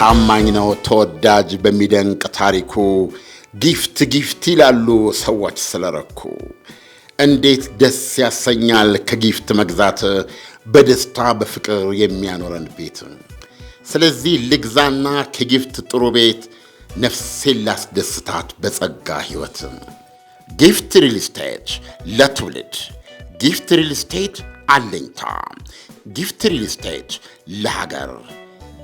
ታማኝ ነው ተወዳጅ በሚደንቅ ታሪኩ ጊፍት ጊፍት ይላሉ ሰዎች ስለረኩ። እንዴት ደስ ያሰኛል ከጊፍት መግዛት በደስታ በፍቅር የሚያኖረን ቤት። ስለዚህ ልግዛና ከጊፍት ጥሩ ቤት ነፍሴን ላስደስታት በጸጋ ሕይወት። ጊፍት ሪል ስቴት ለትውልድ ጊፍት ሪል ስቴት አለኝታ ጊፍት ሪል ስቴት ለሀገር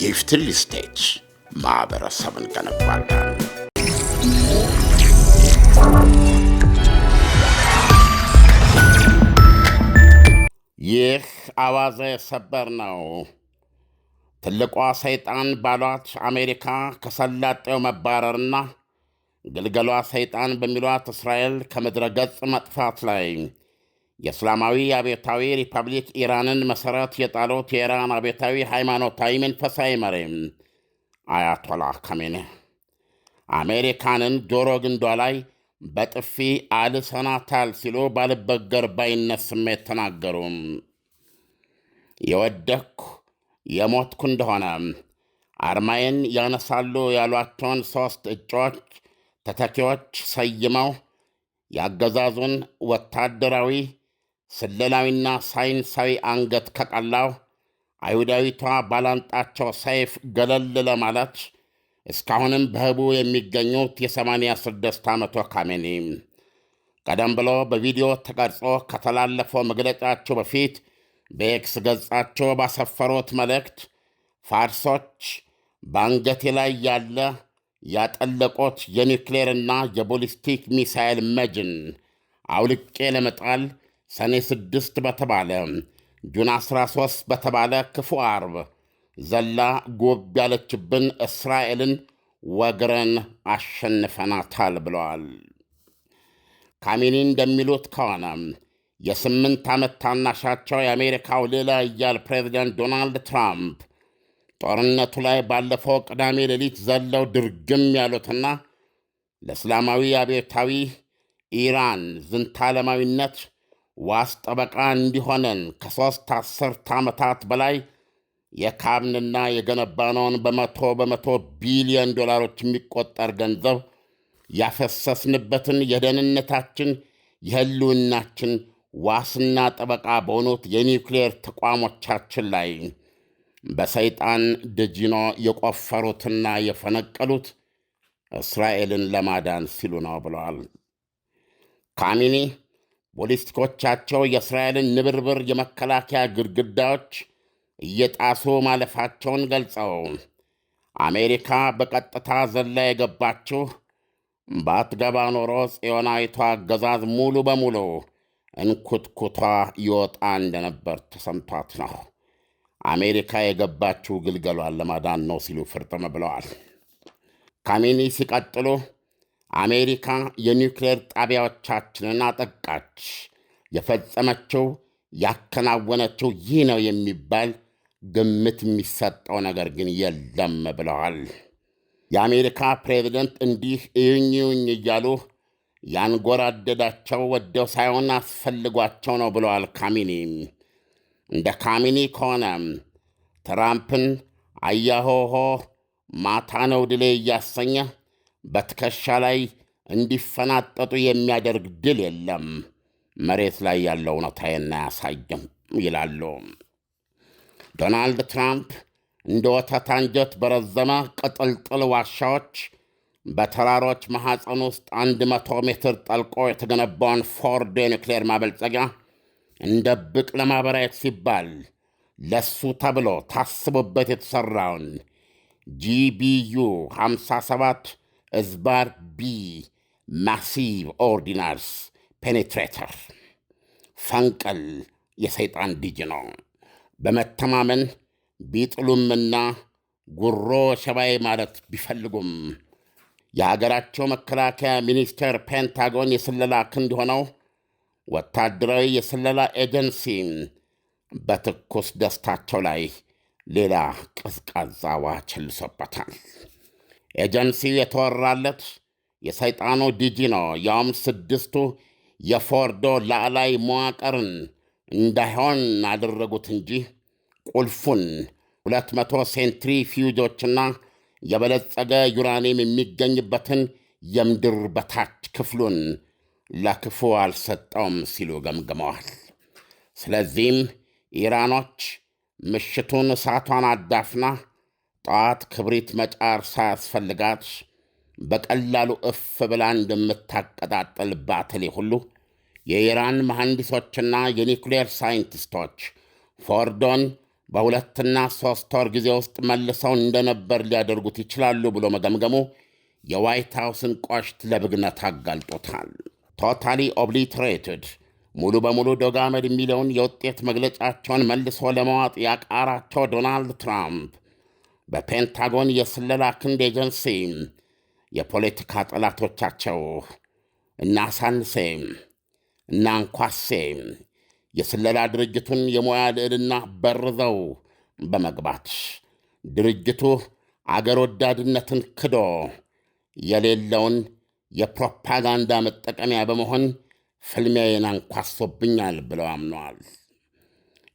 ጊፍትል ስቴት ማህበረሰብን ገነባለን። ይህ አዋዘ የሰበር ነው። ትልቋ ሰይጣን ባሏት አሜሪካ ከሰላጤው መባረርና ግልገሏ ሰይጣን በሚሏት እስራኤል ከምድረ ገጽ መጥፋት ላይ የእስላማዊ አብዮታዊ ሪፐብሊክ ኢራንን መሠረት የጣሉት የኢራን አብዮታዊ ሃይማኖታዊ መንፈሳዊ መሪም አያቶላ ካሜኔ አሜሪካንን ጆሮ ግንዷ ላይ በጥፊ አልሰናታል ሲሉ ባልበገር ባይነት ስሜት ተናገሩ። የወደቅኩ የሞትኩ እንደሆነ አርማዬን ያነሳሉ ያሏቸውን ሦስት እጩዎች ተተኪዎች ሰይመው ያገዛዙን ወታደራዊ ስለላዊና ሳይንሳዊ አንገት ከቀላው አይሁዳዊቷ ባላንጣቸው ሰይፍ ገለል ለማለት እስካሁንም በህቡ የሚገኙት የ86 ዓመቶ ካሜኒ ቀደም ብሎ በቪዲዮ ተቀርጾ ከተላለፈው መግለጫቸው በፊት በኤክስ ገጻቸው ባሰፈሩት መልእክት ፋርሶች በአንገቴ ላይ ያለ ያጠለቁት የኒውክሌርና የቦሊስቲክ ሚሳኤል መጅን አውልቄ ለመጣል ሰኔ 6 በተባለ ጁን 13 በተባለ ክፉ አርብ ዘላ ጎብ ያለችብን እስራኤልን ወግረን አሸንፈናታል ብለዋል። ካሚኒ እንደሚሉት ከሆነ የስምንት ዓመት ታናሻቸው የአሜሪካው ሌላ እያል ፕሬዚደንት ዶናልድ ትራምፕ ጦርነቱ ላይ ባለፈው ቅዳሜ ሌሊት ዘለው ድርግም ያሉትና ለእስላማዊ አብዮታዊ ኢራን ዝንታለማዊነት ዋስ ጠበቃ እንዲሆነን ከሦስት አስርት ዓመታት በላይ የካብንና የገነባነውን በመቶ በመቶ ቢሊዮን ዶላሮች የሚቆጠር ገንዘብ ያፈሰስንበትን የደህንነታችን የህልውናችን ዋስና ጠበቃ በሆኑት የኒውክሌር ተቋሞቻችን ላይ በሰይጣን ደጂኖ የቆፈሩትና የፈነቀሉት እስራኤልን ለማዳን ሲሉ ነው ብለዋል ካሚኒ ቦሊስቲኮቻቸው የእስራኤልን ንብርብር የመከላከያ ግድግዳዎች እየጣሱ ማለፋቸውን ገልጸው አሜሪካ በቀጥታ ዘላ የገባችሁ ባትገባ ኖሮ ጽዮናዊቷ አገዛዝ ሙሉ በሙሉ እንኩትኩቷ ይወጣ እንደነበር ተሰምቷት ነው አሜሪካ የገባችው ግልገሏን ለማዳን ነው ሲሉ ፍርጥም ብለዋል። ካሚኒ ሲቀጥሉ አሜሪካ የኒውክሌር ጣቢያዎቻችንን አጠቃች። የፈጸመችው ያከናወነችው ይህ ነው የሚባል ግምት የሚሰጠው ነገር ግን የለም ብለዋል። የአሜሪካ ፕሬዝደንት እንዲህ እዩኝ እዩኝ እያሉ ያንጎራደዳቸው ወደው ሳይሆን አስፈልጓቸው ነው ብለዋል ካሚኒ። እንደ ካሚኒ ከሆነ ትራምፕን አያሆሆ ማታ ነው ድሌ እያሰኘ በትከሻ ላይ እንዲፈናጠጡ የሚያደርግ ድል የለም። መሬት ላይ ያለው እውነታዬን አያሳይም ይላሉ ዶናልድ ትራምፕ። እንደ ወተት አንጀት በረዘመ ቅጥልጥል ዋሻዎች በተራሮች ማኅፀን ውስጥ አንድ መቶ ሜትር ጠልቆ የተገነባውን ፎርዶ የኒክሌር ማበልጸጊያ እንደ ብቅ ለማበራየት ሲባል ለሱ ተብሎ ታስቦበት የተሠራውን ጂቢዩ 57 Sbar B massive ordinals ፔኔትሬተር ፈንቀል የሰይጣን ልጅ ነው። በመተማመን ቢጥሉምና ጉሮ ሸባይ ማለት ቢፈልጉም የአገራቸው መከላከያ ሚኒስቴር ፔንታጎን የስለላ ክንድ ሆነው ወታደራዊ የስለላ ኤጀንሲን በትኩስ ደስታቸው ላይ ሌላ ቀዝቃዛ ውሃ ቸልሶበታል። ኤጀንሲው የተወራለት የሰይጣኑ ዲጂ ነው። ያውም ስድስቱ የፎርዶ ላዕላይ መዋቅርን እንዳይሆን አደረጉት እንጂ ቁልፉን ሁለት መቶ ሴንትሪ ፊውጆችና የበለጸገ ዩራኒየም የሚገኝበትን የምድር በታች ክፍሉን ለክፉ አልሰጠውም ሲሉ ገምግመዋል። ስለዚህም ኢራኖች ምሽቱን እሳቷን አዳፍና ጠዋት ክብሪት መጫር ሳያስፈልጋት በቀላሉ እፍ ብላ እንደምታቀጣጠል ባትሌ ሁሉ የኢራን መሐንዲሶችና የኒውክሌር ሳይንቲስቶች ፎርዶን በሁለትና ሦስት ወር ጊዜ ውስጥ መልሰው እንደነበር ሊያደርጉት ይችላሉ ብሎ መገምገሙ የዋይት ሃውስን ቆሽት ለብግነት አጋልጦታል። ቶታሊ ኦብሊትሬትድ ሙሉ በሙሉ ዶጋመድ የሚለውን የውጤት መግለጫቸውን መልሶ ለመዋጥ ያቃራቸው ዶናልድ ትራምፕ በፔንታጎን የስለላ ክንድ ኤጀንሲ የፖለቲካ ጠላቶቻቸው እና እናንኳሴ የስለላ ድርጅቱን የሙያ ልዕልና በርዘው በመግባት ድርጅቱ አገር ወዳድነትን ክዶ የሌለውን የፕሮፓጋንዳ መጠቀሚያ በመሆን ፍልሚያዬን አንኳሶብኛል ብለው አምነዋል።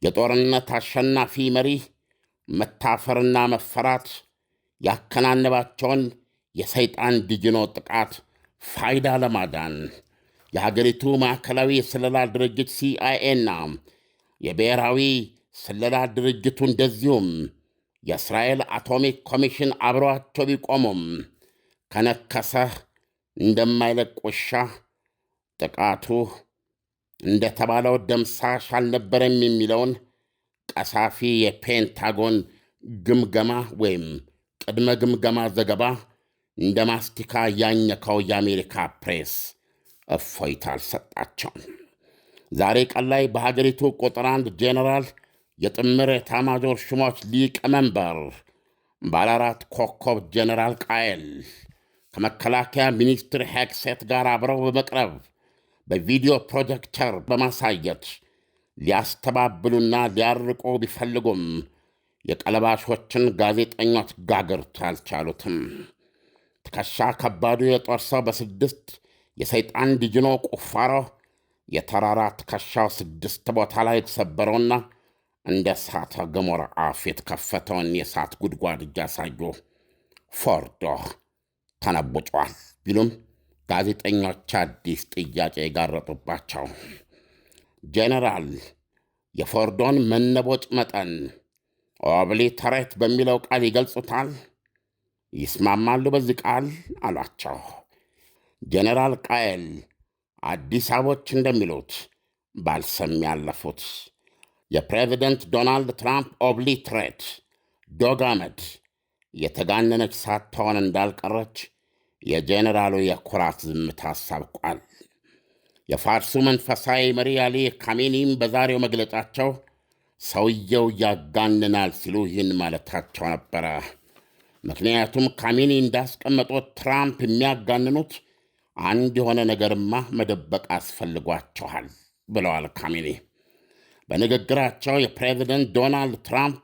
የጦርነት አሸናፊ መሪ መታፈርና መፈራት ያከናነባቸውን የሰይጣን ድጅኖ ጥቃት ፋይዳ ለማዳን የሀገሪቱ ማዕከላዊ የስለላ ድርጅት ሲአይኤና የብሔራዊ ስለላ ድርጅቱ እንደዚሁም የእስራኤል አቶሚክ ኮሚሽን አብረዋቸው ቢቆሙም ከነከሰህ እንደማይለቅ ውሻ ጥቃቱ እንደተባለው ደምሳሽ አልነበረም የሚለውን ቀሳፊ የፔንታጎን ግምገማ ወይም ቅድመ ግምገማ ዘገባ እንደ ማስቲካ ያኘከው የአሜሪካ ፕሬስ እፎይታ አልሰጣቸውም። ዛሬ ቀን ላይ በሀገሪቱ ቁጥር አንድ ጄኔራል የጥምር የታማዦር ሹሞች ሊቀመንበር ባለ አራት ኮከብ ጄኔራል ቃየል ከመከላከያ ሚኒስትር ሄክሴት ጋር አብረው በመቅረብ በቪዲዮ ፕሮጀክተር በማሳየት ሊያስተባብሉና ሊያርቁ ቢፈልጉም የቀለባሾችን ጋዜጠኞች ጋግርት አልቻሉትም። ትከሻ ከባዱ የጦር ሰው በስድስት የሰይጣን ድጅኖ ቁፋሮ የተራራ ትከሻው ስድስት ቦታ ላይ የተሰበረውና እንደ እሳተ ገሞራ አፍ የተከፈተውን የእሳት ጉድጓድ እያሳዩ ፎርዶ ተነቡጧል ቢሉም ጋዜጠኞች አዲስ ጥያቄ የጋረጡባቸው ጄኔራል የፎርዶን መነቦጭ መጠን ኦብሊተሬት በሚለው ቃል ይገልጹታል። ይስማማሉ በዚህ ቃል አሏቸው። ጄኔራል ቃየል አዲስ አበቦች እንደሚሉት ባልሰም ያለፉት የፕሬዚደንት ዶናልድ ትራምፕ ኦብሊትሬት ዶጋመድ የተጋነነች ሳትሆን እንዳልቀረች የጄኔራሉ የኩራት ዝምታ አሳብቋል። የፋርሱ መንፈሳዊ መሪ አሊ ካሜኒም በዛሬው መግለጫቸው ሰውየው ያጋንናል ሲሉ ይህን ማለታቸው ነበረ። ምክንያቱም ካሜኒ እንዳስቀመጡት ትራምፕ የሚያጋንኑት አንድ የሆነ ነገርማ መደበቅ አስፈልጓቸዋል ብለዋል ካሜኒ። በንግግራቸው የፕሬዚደንት ዶናልድ ትራምፕ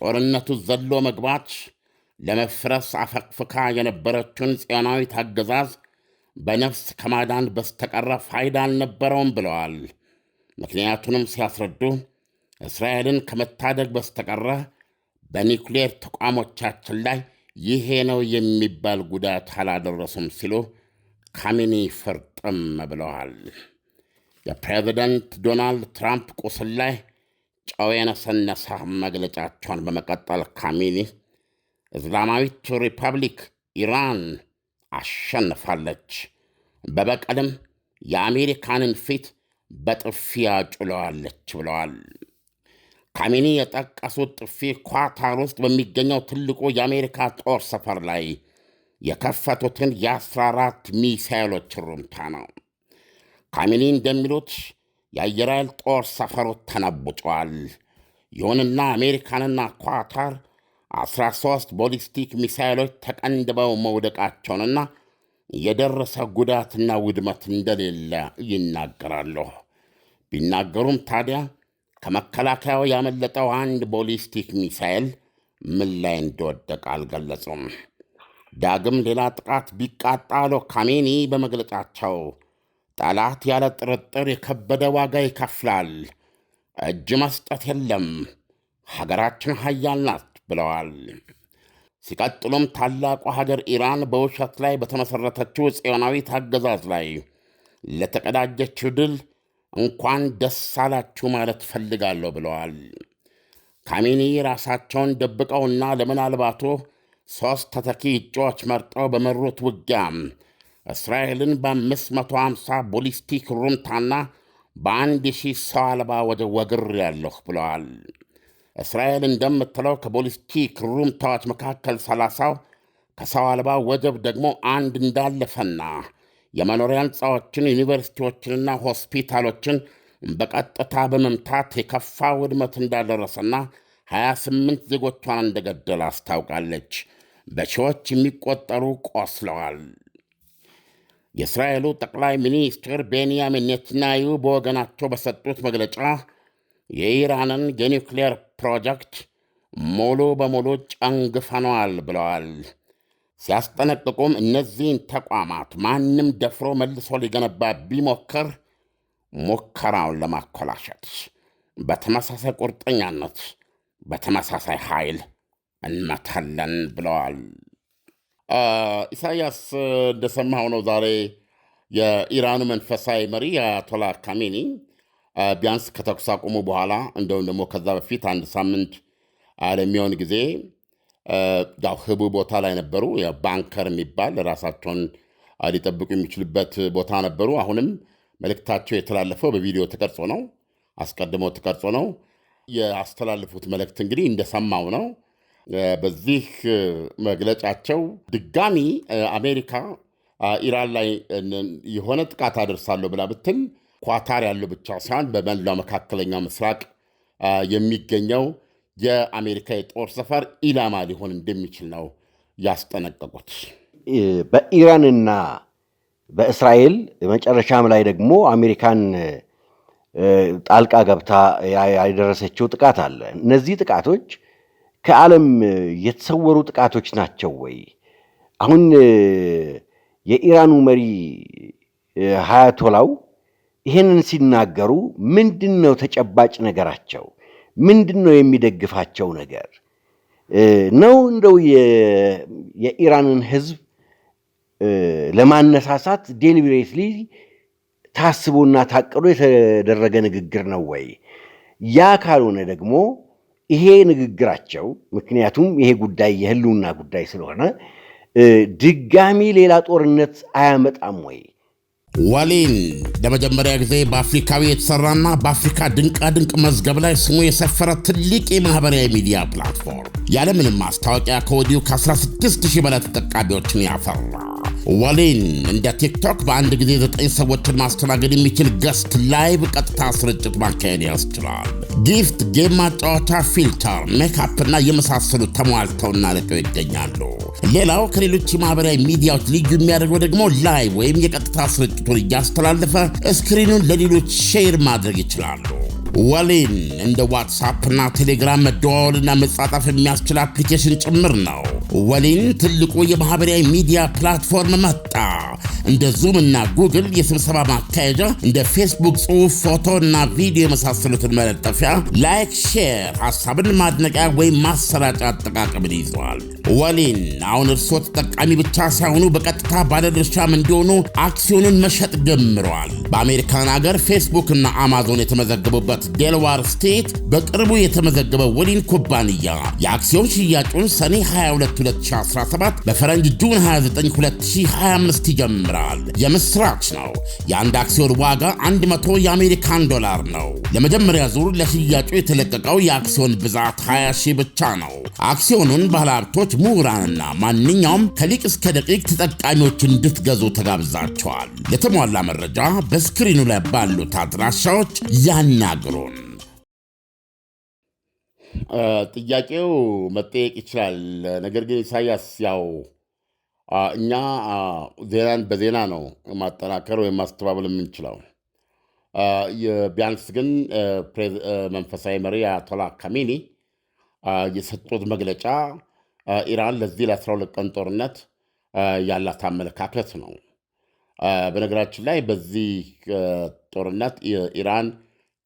ጦርነቱ ዘሎ መግባት ለመፍረስ አፈቅፍካ የነበረችውን ጽዮናዊት አገዛዝ በነፍስ ከማዳን በስተቀረ ፋይዳ አልነበረውም ብለዋል። ምክንያቱንም ሲያስረዱ እስራኤልን ከመታደግ በስተቀረ በኒውክሌር ተቋሞቻችን ላይ ይሄ ነው የሚባል ጉዳት አላደረሱም ሲሉ ካሚኒ ፍርጥም ብለዋል። የፕሬዚደንት ዶናልድ ትራምፕ ቁስል ላይ ጨው የነሰነሳ መግለጫቸውን በመቀጠል ካሚኒ እስላማዊቱ ሪፐብሊክ ኢራን አሸንፋለች። በበቀልም የአሜሪካንን ፊት በጥፊያ ጭለዋለች ብለዋል። ካሜኒ የጠቀሱት ጥፊ ኳታር ውስጥ በሚገኘው ትልቁ የአሜሪካ ጦር ሰፈር ላይ የከፈቱትን የ14 ሚሳይሎች ሩምታ ነው። ካሜኒ እንደሚሉት የአየር ኃይል ጦር ሰፈሩ ተነቡጨዋል። ይሁንና አሜሪካንና ኳታር 13 ቦሊስቲክ ሚሳይሎች ተቀንድበው መውደቃቸውንና የደረሰ ጉዳትና ውድመት እንደሌለ ይናገራሉ። ቢናገሩም ታዲያ ከመከላከያው ያመለጠው አንድ ቦሊስቲክ ሚሳይል ምን ላይ እንደወደቀ አልገለጹም። ዳግም ሌላ ጥቃት ቢቃጣ ካሜኒ በመግለጫቸው ጠላት ያለ ጥርጥር የከበደ ዋጋ ይከፍላል። እጅ መስጠት የለም። ሀገራችን ሀያል ናት። ብለዋል። ሲቀጥሉም ታላቋ ሀገር ኢራን በውሸት ላይ በተመሠረተችው ጽዮናዊት አገዛዝ ላይ ለተቀዳጀችው ድል እንኳን ደስ አላችሁ ማለት ፈልጋለሁ ብለዋል። ካሜኒ ራሳቸውን ደብቀውና ለምናልባቱ ሦስት ተተኪ እጩዎች መርጠው በመሩት ውጊያ እስራኤልን በ550 ቦሊስቲክ ሩምታና በአንድ ሺህ ሰው አልባ ወደ ወግር ያለሁ ብለዋል። እስራኤል እንደምትለው ከቦሊስቲክ ሩምታዎች መካከል ሰላሳው ከሰው አልባ ወጀብ ደግሞ አንድ እንዳለፈና የመኖሪያ ሕንፃዎችን ዩኒቨርሲቲዎችንና ሆስፒታሎችን በቀጥታ በመምታት የከፋ ውድመት እንዳደረሰና 28 ዜጎቿን እንደገደል አስታውቃለች። በሺዎች የሚቆጠሩ ቆስለዋል። የእስራኤሉ ጠቅላይ ሚኒስትር ቤንያሚን ኔትናዩ በወገናቸው በሰጡት መግለጫ የኢራንን የኒውክሌር ፕሮጀክት ሙሉ በሙሉ ጨንግፈነዋል ብለዋል። ሲያስጠነቅቁም እነዚህን ተቋማት ማንም ደፍሮ መልሶ ሊገነባ ቢሞክር ሙከራውን ለማኮላሸት በተመሳሳይ ቁርጠኛነት በተመሳሳይ ኃይል እንመታለን ብለዋል። ኢሳያስ እንደሰማኸው ነው ዛሬ የኢራኑ መንፈሳዊ መሪ አያቶላ ካሜኒ ቢያንስ ከተኩስ አቁሙ በኋላ እንደውም ደግሞ ከዛ በፊት አንድ ሳምንት ለሚሆን ጊዜ ያው ህቡ ቦታ ላይ ነበሩ። ባንከር የሚባል ራሳቸውን ሊጠብቁ የሚችሉበት ቦታ ነበሩ። አሁንም መልእክታቸው የተላለፈው በቪዲዮ ተቀርጾ ነው፣ አስቀድሞ ተቀርጾ ነው። ያስተላልፉት መልእክት እንግዲህ እንደሰማው ነው። በዚህ መግለጫቸው ድጋሚ አሜሪካ ኢራን ላይ የሆነ ጥቃት አደርሳለሁ ብላ ብትል ኳታር ያሉ ብቻ ሳይሆን በመላው መካከለኛው ምስራቅ የሚገኘው የአሜሪካ የጦር ሰፈር ኢላማ ሊሆን እንደሚችል ነው ያስጠነቀቁት። በኢራንና በእስራኤል መጨረሻም ላይ ደግሞ አሜሪካን ጣልቃ ገብታ ያደረሰችው ጥቃት አለ። እነዚህ ጥቃቶች ከዓለም የተሰወሩ ጥቃቶች ናቸው ወይ? አሁን የኢራኑ መሪ ሀያቶላው ይህንን ሲናገሩ ምንድን ነው ተጨባጭ ነገራቸው? ምንድን ነው የሚደግፋቸው ነገር ነው? እንደው የኢራንን ህዝብ ለማነሳሳት ዴሊብሬትሊ ታስቦና ታቅዶ የተደረገ ንግግር ነው ወይ? ያ ካልሆነ ደግሞ ይሄ ንግግራቸው ምክንያቱም ይሄ ጉዳይ የህልውና ጉዳይ ስለሆነ ድጋሚ ሌላ ጦርነት አያመጣም ወይ? ዋሌን ለመጀመሪያ ጊዜ በአፍሪካዊ የተሰራና በአፍሪካ ድንቃድንቅ መዝገብ ላይ ስሙ የሰፈረ ትልቅ የማህበራዊ ሚዲያ ፕላትፎርም ያለምንም ማስታወቂያ ከወዲሁ ከ16000 በላይ ተጠቃሚዎችን ያፈራ ወሊን እንደ ቲክቶክ በአንድ ጊዜ ዘጠኝ ሰዎችን ማስተናገድ የሚችል ገስት ላይቭ ቀጥታ ስርጭት ማካሄድ ያስችላል። ጊፍት፣ ጌም ማጫወቻ፣ ፊልተር፣ ሜካፕ እና የመሳሰሉ ተሟልተው ልቀው ይገኛሉ። ሌላው ከሌሎች የማህበራዊ ሚዲያዎች ልዩ የሚያደርገው ደግሞ ላይቭ ወይም የቀጥታ ስርጭቱን እያስተላለፈ ስክሪኑን ለሌሎች ሼር ማድረግ ይችላሉ። ወሊን እንደ ዋትሳፕና ቴሌግራም መደዋወልና መጻጣፍ የሚያስችል አፕሊኬሽን ጭምር ነው። ወሊን ትልቁ የማህበራዊ ሚዲያ ፕላትፎርም መጣ። እንደ ዙም እና ጉግል የስብሰባ ማካሄጃ፣ እንደ ፌስቡክ ጽሑፍ፣ ፎቶ እና ቪዲዮ የመሳሰሉትን መለጠፊያ፣ ላይክ፣ ሼር፣ ሀሳብን ማድነቂያ ወይም ማሰራጫ አጠቃቀምን ይዘዋል። ወሊን አሁን እርስዎ ተጠቃሚ ብቻ ሳይሆኑ በቀጥታ ባለድርሻም እንዲሆኑ አክሲዮንን መሸጥ ጀምረዋል። በአሜሪካን ሀገር ፌስቡክ እና አማዞን የተመዘገቡበት ዴልዋር ስቴት በቅርቡ የተመዘገበ ወሊን ኩባንያ የአክሲዮን ሽያጩን ሰኔ 22 2017 በፈረንጅ ጁን 29 2025 ይጀምራል። የምስራች ነው። የአንድ አክሲዮን ዋጋ 100 የአሜሪካን ዶላር ነው። ለመጀመሪያ ዙር ለሽያጩ የተለቀቀው የአክሲዮን ብዛት 20 ሺህ ብቻ ነው። አክሲዮኑን ባለሀብቶች፣ ምሁራንና ማንኛውም ከሊቅ እስከ ደቂቅ ተጠቃሚዎች እንድትገዙ ተጋብዛቸዋል። ለተሟላ መረጃ በስክሪኑ ላይ ባሉት አድራሻዎች ያናግ ይንገሩን። ጥያቄው መጠየቅ ይችላል። ነገር ግን ኢሳያስ ያው እኛ ዜናን በዜና ነው ማጠናከር ወይም ማስተባበል የምንችለው። ቢያንስ ግን መንፈሳዊ መሪ አያቶላ ካሚኒ የሰጡት መግለጫ ኢራን ለዚህ ለ12 ቀን ጦርነት ያላት አመለካከት ነው። በነገራችን ላይ በዚህ ጦርነት ኢራን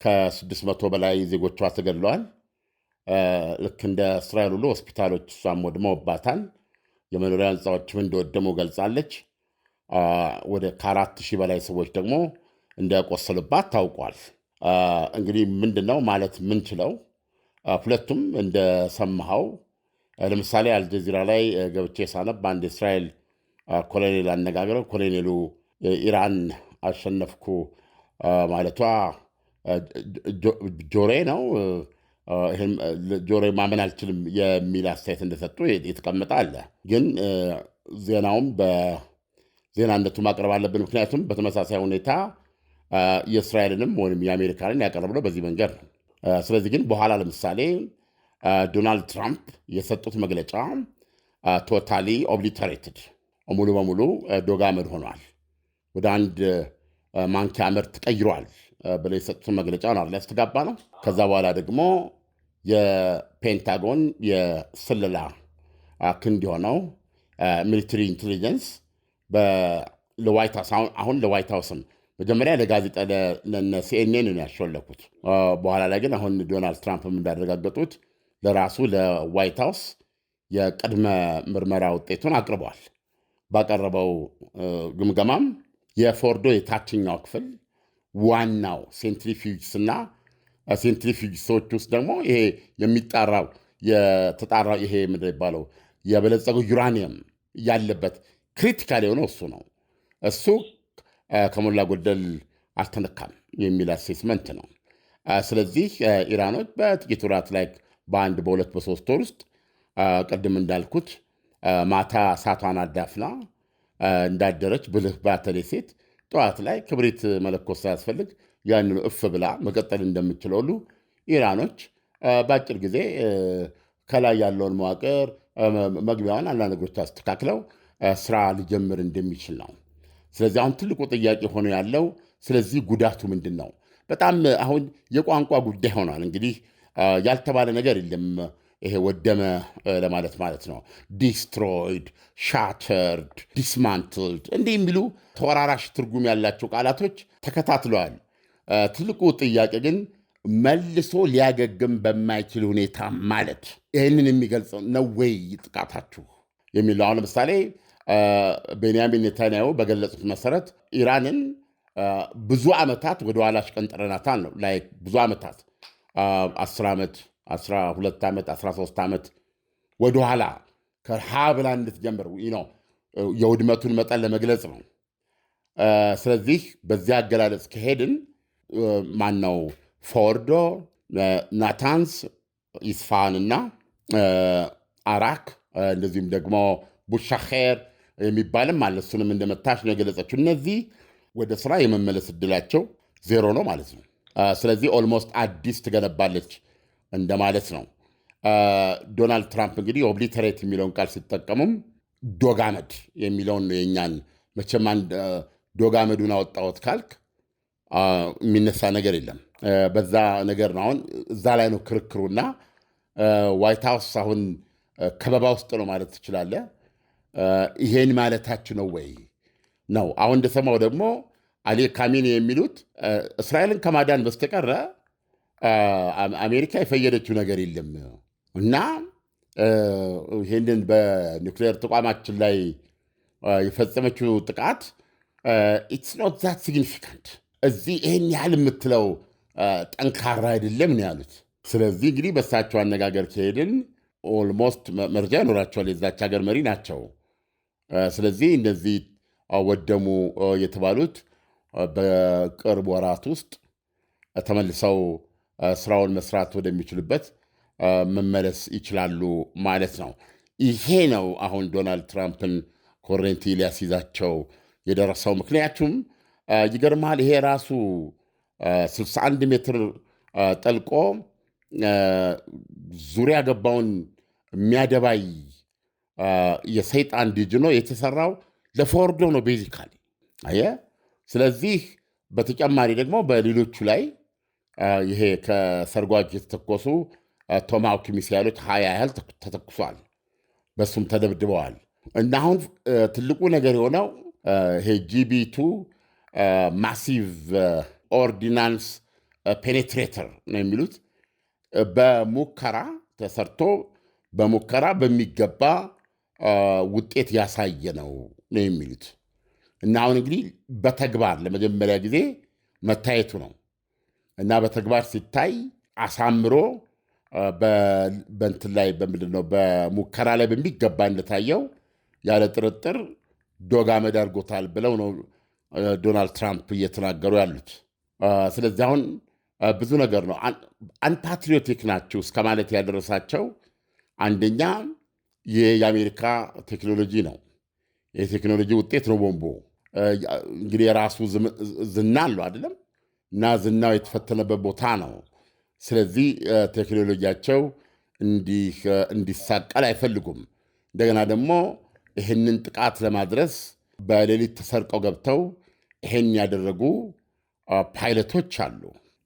ከ600 በላይ ዜጎቿ ተገድለዋል። ልክ እንደ እስራኤል ሁሉ ሆስፒታሎች እሷም ወድመውባታል። የመኖሪያ ህንፃዎችም እንደወደሙ ገልጻለች። ወደ ከአራት ሺህ በላይ ሰዎች ደግሞ እንደቆሰሉባት ታውቋል። እንግዲህ ምንድን ነው ማለት ምንችለው? ሁለቱም እንደሰማኸው ለምሳሌ አልጀዚራ ላይ ገብቼ ሳነብ አንድ እስራኤል ኮሎኔል አነጋግረው ኮሎኔሉ ኢራን አሸነፍኩ ማለቷ ጆሬ ነው ይህም ጆሬ ማመን አልችልም የሚል አስተያየት እንደሰጡ የተቀመጠ አለ። ግን ዜናውም በዜናነቱ ማቅረብ አለብን። ምክንያቱም በተመሳሳይ ሁኔታ የእስራኤልንም ወይም የአሜሪካንን ነው በዚህ መንገድ ነው። ስለዚህ ግን በኋላ ለምሳሌ ዶናልድ ትራምፕ የሰጡት መግለጫ ቶታሊ ኦብሊተሬትድ ሙሉ በሙሉ ዶግ አመድ ሆኗል፣ ወደ አንድ ማንኪያ አመድ ተቀይሯል ብሎ የሰጡትን መግለጫ አለ ያስተጋባ ነው። ከዛ በኋላ ደግሞ የፔንታጎን የስለላ ክንድ የሆነው ሚሊትሪ ኢንቴሊጀንስ ለዋይት አሁን ለዋይት ሃውስም መጀመሪያ ለጋዜጣ ለሲኤንኤን ነው ያሾለኩት። በኋላ ላይ ግን አሁን ዶናልድ ትራምፕም እንዳረጋገጡት ለራሱ ለዋይት ሀውስ የቅድመ ምርመራ ውጤቱን አቅርበዋል። ባቀረበው ግምገማም የፎርዶ የታችኛው ክፍል ዋናው ሴንትሪፊጅስ እና ሴንትሪፊጅሶች ውስጥ ደግሞ ይሄ የሚጠራው የተጣራው ይሄ ምንድን ነው የሚባለው የበለጸገው ዩራኒየም ያለበት ክሪቲካል የሆነው እሱ ነው። እሱ ከሞላ ጎደል አልተነካም የሚል አሴስመንት ነው። ስለዚህ ኢራኖች በጥቂት ወራት ላይ በአንድ በሁለት በሶስት ወር ውስጥ ቅድም እንዳልኩት ማታ እሳቷን አዳፍና እንዳደረች ብልህ ባተሌ ሴት ጠዋት ላይ ክብሪት መለኮስ ሳያስፈልግ ያንኑ እፍ ብላ መቀጠል እንደምችል ሁሉ ኢራኖች በአጭር ጊዜ ከላይ ያለውን መዋቅር መግቢያውን አንዳንድ ነገሮች አስተካክለው ስራ ሊጀምር እንደሚችል ነው። ስለዚህ አሁን ትልቁ ጥያቄ ሆኖ ያለው ስለዚህ ጉዳቱ ምንድን ነው? በጣም አሁን የቋንቋ ጉዳይ ሆኗል። እንግዲህ ያልተባለ ነገር የለም። ይሄ ወደመ ለማለት ማለት ነው። ዲስትሮይድ፣ ሻተርድ፣ ዲስማንትልድ እንዲህ የሚሉ ተወራራሽ ትርጉም ያላቸው ቃላቶች ተከታትለዋል። ትልቁ ጥያቄ ግን መልሶ ሊያገግም በማይችል ሁኔታ ማለት ይህንን የሚገልጸው ነው ወይ ጥቃታችሁ የሚለው አሁን ለምሳሌ ቤንያሚን ኔታንያሁ በገለጹት መሰረት ኢራንን ብዙ ዓመታት ወደኋላ አሽቀንጥረናታል ነው ላይ ብዙ ዓመታት አስር ዓመት 12 ዓመት 13 ዓመት ወደኋላ ከሀ ብላ እንድትጀምር የውድመቱን መጠን ለመግለጽ ነው። ስለዚህ በዚያ አገላለጽ ከሄድን ማነው ፎርዶ፣ ናታንስ፣ ኢስፋሃን እና አራክ እንደዚሁም ደግሞ ቡሻኼር የሚባልም አለ። እሱንም ነው የገለጸችው። እነዚህ ወደ ስራ የመመለስ እድላቸው ዜሮ ነው ማለት ነው። ስለዚህ ኦልሞስት አዲስ ትገነባለች። እንደማለት ነው። ዶናልድ ትራምፕ እንግዲህ ኦብሊተሬት የሚለውን ቃል ሲጠቀሙም ዶጋመድ የሚለውን ነው የኛን መቼም አንድ ዶጋመዱን አወጣሁት ካልክ የሚነሳ ነገር የለም። በዛ ነገር ነው አሁን እዛ ላይ ነው ክርክሩና ዋይት ሀውስ አሁን ከበባ ውስጥ ነው ማለት ትችላለህ። ይሄን ማለታችን ነው ወይ ነው አሁን እንደሰማው ደግሞ አሊ ካሚኒ የሚሉት እስራኤልን ከማዳን በስተቀረ አሜሪካ የፈየደችው ነገር የለም እና ይህንን በኒክሌር ተቋማችን ላይ የፈጸመችው ጥቃት ኢትስ ኖት ዛት ሲግኒፊካንት እዚህ ይህን ያህል የምትለው ጠንካራ አይደለም ነው ያሉት። ስለዚህ እንግዲህ በሳቸው አነጋገር ከሄድን ኦልሞስት መረጃ ይኖራቸዋል። የዛች ሀገር መሪ ናቸው። ስለዚህ እነዚህ ወደሙ የተባሉት በቅርብ ወራት ውስጥ ተመልሰው ስራውን መስራት ወደሚችሉበት መመለስ ይችላሉ ማለት ነው። ይሄ ነው አሁን ዶናልድ ትራምፕን ኮረንቲ ሊያስይዛቸው የደረሰው። ምክንያቱም ይገርማል፣ ይሄ ራሱ 61 ሜትር ጠልቆ ዙሪያ ገባውን የሚያደባይ የሰይጣን ዲጅ ነው የተሰራው ለፎርዶ ነው ቤዚካሊ። ስለዚህ በተጨማሪ ደግሞ በሌሎቹ ላይ ይሄ ከሰርጓጅ የተተኮሱ ቶማሃውክ ሚሳይሎች ሀያ ያህል ተተኩሷል። በሱም ተደብድበዋል። እና አሁን ትልቁ ነገር የሆነው ይሄ ጂቢቱ ማሲቭ ኦርዲናንስ ፔኔትሬተር ነው የሚሉት በሙከራ ተሰርቶ በሙከራ በሚገባ ውጤት ያሳየ ነው ነው የሚሉት እና አሁን እንግዲህ በተግባር ለመጀመሪያ ጊዜ መታየቱ ነው። እና በተግባር ሲታይ አሳምሮ በንትን ላይ በምንድን ነው በሙከራ ላይ በሚገባ እንደታየው ያለ ጥርጥር ዶግ አመድ አድርጎታል ብለው ነው ዶናልድ ትራምፕ እየተናገሩ ያሉት። ስለዚህ አሁን ብዙ ነገር ነው አንፓትሪዮቲክ ናቸው እስከ ማለት ያደረሳቸው። አንደኛ ይህ የአሜሪካ ቴክኖሎጂ ነው፣ የቴክኖሎጂ ውጤት ነው ቦምቦ። እንግዲህ የራሱ ዝና አለው አይደለም እና ዝናው የተፈተነበት ቦታ ነው። ስለዚህ ቴክኖሎጂያቸው እንዲሳቀል አይፈልጉም። እንደገና ደግሞ ይህንን ጥቃት ለማድረስ በሌሊት ተሰርቀው ገብተው ይሄን ያደረጉ ፓይለቶች አሉ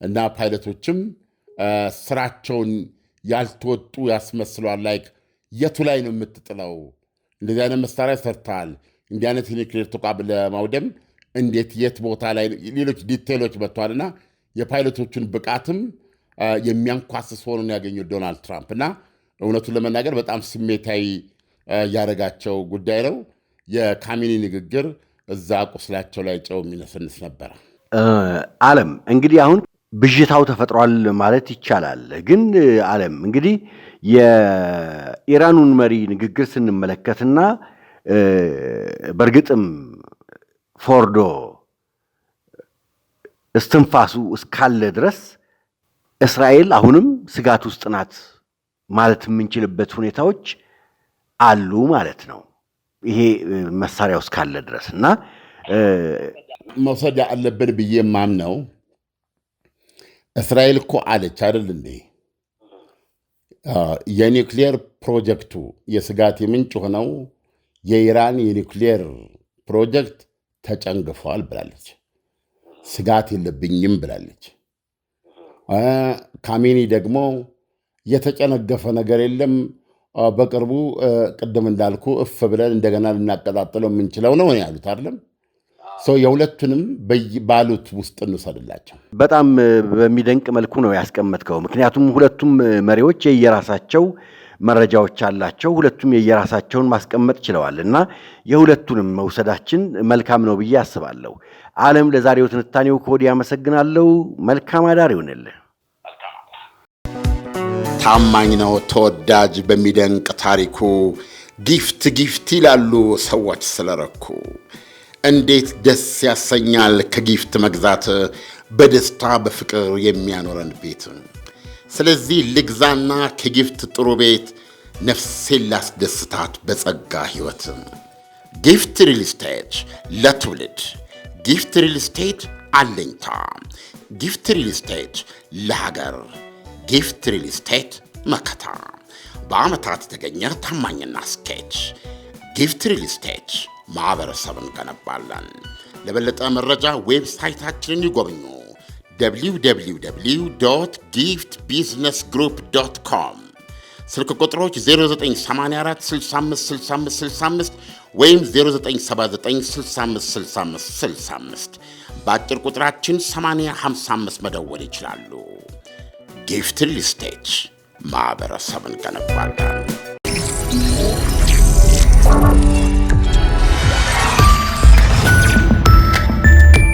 እና ፓይለቶችም ስራቸውን ያልተወጡ ያስመስሏል። ላይክ የቱ ላይ ነው የምትጥለው? እንደዚህ አይነት መሳሪያ ሰርተሃል፣ እንዲህ አይነት ኒክሌር ተቋም ለማውደም እንዴት የት ቦታ ላይ ሌሎች ዲቴሎች መጥቷልና የፓይለቶቹን ብቃትም የሚያንኳስስ ሆኑን ያገኘው ዶናልድ ትራምፕ እና እውነቱን ለመናገር በጣም ስሜታዊ ያደረጋቸው ጉዳይ ነው። የካሚኒ ንግግር እዛ ቁስላቸው ላይ ጨው የሚነሰንስ ነበረ። አለም እንግዲህ አሁን ብዥታው ተፈጥሯል ማለት ይቻላል። ግን አለም እንግዲህ የኢራኑን መሪ ንግግር ስንመለከትና በእርግጥም ፎርዶ እስትንፋሱ እስካለ ድረስ እስራኤል አሁንም ስጋት ውስጥ ናት ማለት የምንችልበት ሁኔታዎች አሉ ማለት ነው። ይሄ መሳሪያው እስካለ ድረስ እና መውሰድ አለብን ብዬ ነው። እስራኤል እኮ አለች አይደል እንዴ የኒውክሌር ፕሮጀክቱ የስጋት የምንጭ ሆነው የኢራን የኒውክሌር ፕሮጀክት ተጨንግፏል ብላለች። ስጋት የለብኝም ብላለች። ካሜኒ ደግሞ የተጨነገፈ ነገር የለም፣ በቅርቡ ቅድም እንዳልኩ እፍ ብለን እንደገና ልናቀጣጥለው የምንችለው ነው ያሉት አይደለም። ሰው የሁለቱንም ባሉት ውስጥ እንውሰድላቸው። በጣም በሚደንቅ መልኩ ነው ያስቀመጥከው። ምክንያቱም ሁለቱም መሪዎች የየራሳቸው መረጃዎች አላቸው። ሁለቱም የየራሳቸውን ማስቀመጥ ችለዋል እና የሁለቱንም መውሰዳችን መልካም ነው ብዬ አስባለሁ። ዓለም ለዛሬው ትንታኔው ከወዲህ አመሰግናለሁ። መልካም አዳር ይሆንልህ። ታማኝ ነው ተወዳጅ በሚደንቅ ታሪኩ ጊፍት ጊፍት ይላሉ ሰዎች ስለረኩ እንዴት ደስ ያሰኛል ከጊፍት መግዛት በደስታ በፍቅር የሚያኖረን ቤት። ስለዚህ ልግዛና ከጊፍት ጥሩ ቤት ነፍሴን ላስደስታት በጸጋ ሕይወት። ጊፍት ሪል ስቴት ለትውልድ ጊፍት ሪል ስቴት አለኝታ ጊፍት ሪል ስቴት ለሀገር ጊፍት ሪል ስቴት መከታ በዓመታት የተገኘ ታማኝና ስኬች ጊፍት ሪል ስቴት ማህበረሰብን እንገነባለን። ለበለጠ መረጃ ዌብሳይታችንን ይጎብኙ፣ www ጊፍት ቢዝነስ ግሩፕ ዶት ኮም። ስልክ ቁጥሮች 0984656565 ወይም 0979656565 በአጭር ቁጥራችን 855 መደወል ይችላሉ። ጊፍትን ሊስቴት ማኅበረሰብን ገነባለን።